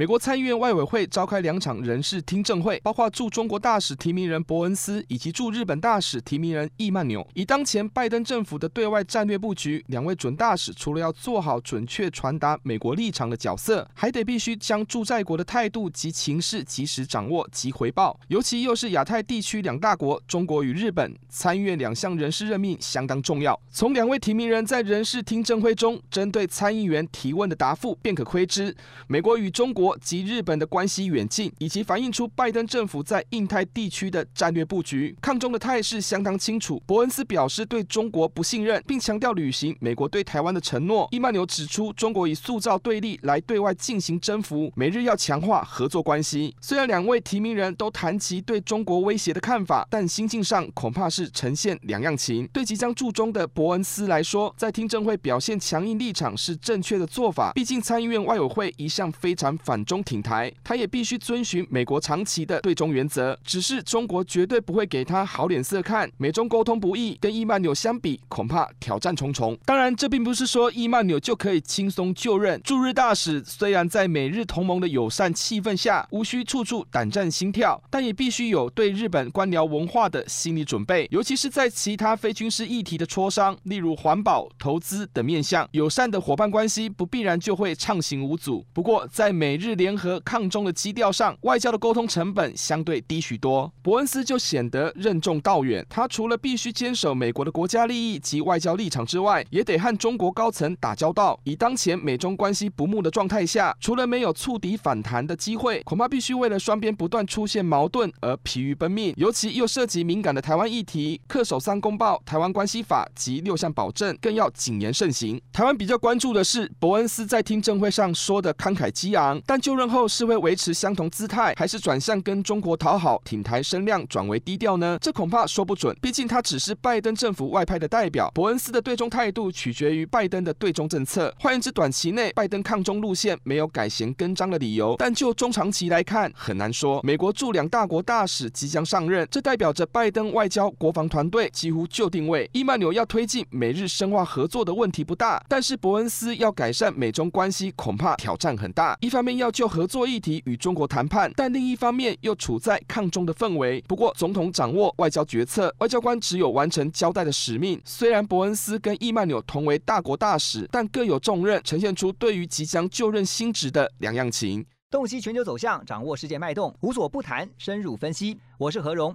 美國參議院外委會召開兩場人事聽證會，包括駐中國大使提名人勃恩斯以及駐日本大使提名人易曼紐。以當前拜登政府的對外戰略布局，兩位準大使除了要做好準確傳達美國立場的角色，還得必須將駐在國的態度及情勢及時掌握及回報。尤其又是亞太地區兩大國，中國與日本，參議院兩項人事任命相當重要。從兩位提名人在人事聽證會中針對參議員提問的答覆，便可窺知美國與中國。及日本的關係遠近，以及反映出拜登政府在印太地區的戰略布局。抗中的態勢相當清楚。勃恩斯表示對中國不信任，並強調履行美國對台灣的承諾。易曼紐指出，中國以塑造對立來對外進行征服。美日要強化合作關係。雖然兩位提名人都談及對中國威脅的看法，但心境上恐怕是呈現兩樣情。對即將駐中的勃恩斯來說，在聽證會表現強硬立場是正確的做法。畢竟參議院外委會一向非常反中挺台，他也必須遵循美國長期的對中原則。只是中國絕對不會給他好臉色看。美中溝通不易，跟易曼紐相比，恐怕挑戰重重。當然，這並不是說易曼紐就可以輕鬆就任駐日大使。雖然在美日同盟的友善氣氛下，無需處處膽戰心跳，但也必須有對日本官僚文化的心理準備。尤其是在其他非軍事議題的磋商，例如環保、投資等面向，友善的夥伴關係不必然就會暢行無阻。不過，在美日聯合抗中的基調上，外交的溝通成本相對低許多。勃恩斯就顯得任重道遠。他除了必須堅守美國的國家利益及外交立場之外，也得和中國高層打交道。以當前美中關係不睦的狀態下，除了沒有觸底反彈的機會，恐怕必須為了雙邊不斷出現矛盾而疲於奔命。尤其又涉及敏感的台灣議題，恪守三公報、台灣關係法及六項保證，更要謹言慎行。台灣比較關注的是，勃恩斯在聽證會上說的慷慨激昂。但就任後是會維持相同姿態，還是轉向跟中國討好、挺台聲量轉為低調呢？這恐怕說不準。畢竟他只是拜登政府外派的代表，勃恩斯的對中態度取決於拜登的對中政策。換言之，短期內拜登抗中路線沒有改弦更張的理由，但就中長期來看，很難說。美國駐兩大國大使即將上任，這代表着拜登外交國防團隊幾乎就定位。易曼紐要推進美日深化合作的問題不大，但是勃恩斯要改善美中關係，恐怕挑戰很大。一方面，要就合作議題與中國談判，但另一方面又處在「抗中」的氛圍。不過，總統掌握外交決策，外交官只有完成交代的使命。雖然勃恩斯跟易曼紐同為大國大使，但各有重任，呈現出對於即將就任新職的兩樣情。洞悉全球走向，掌握世界脈動，無所不談，深入分析。我是何榮。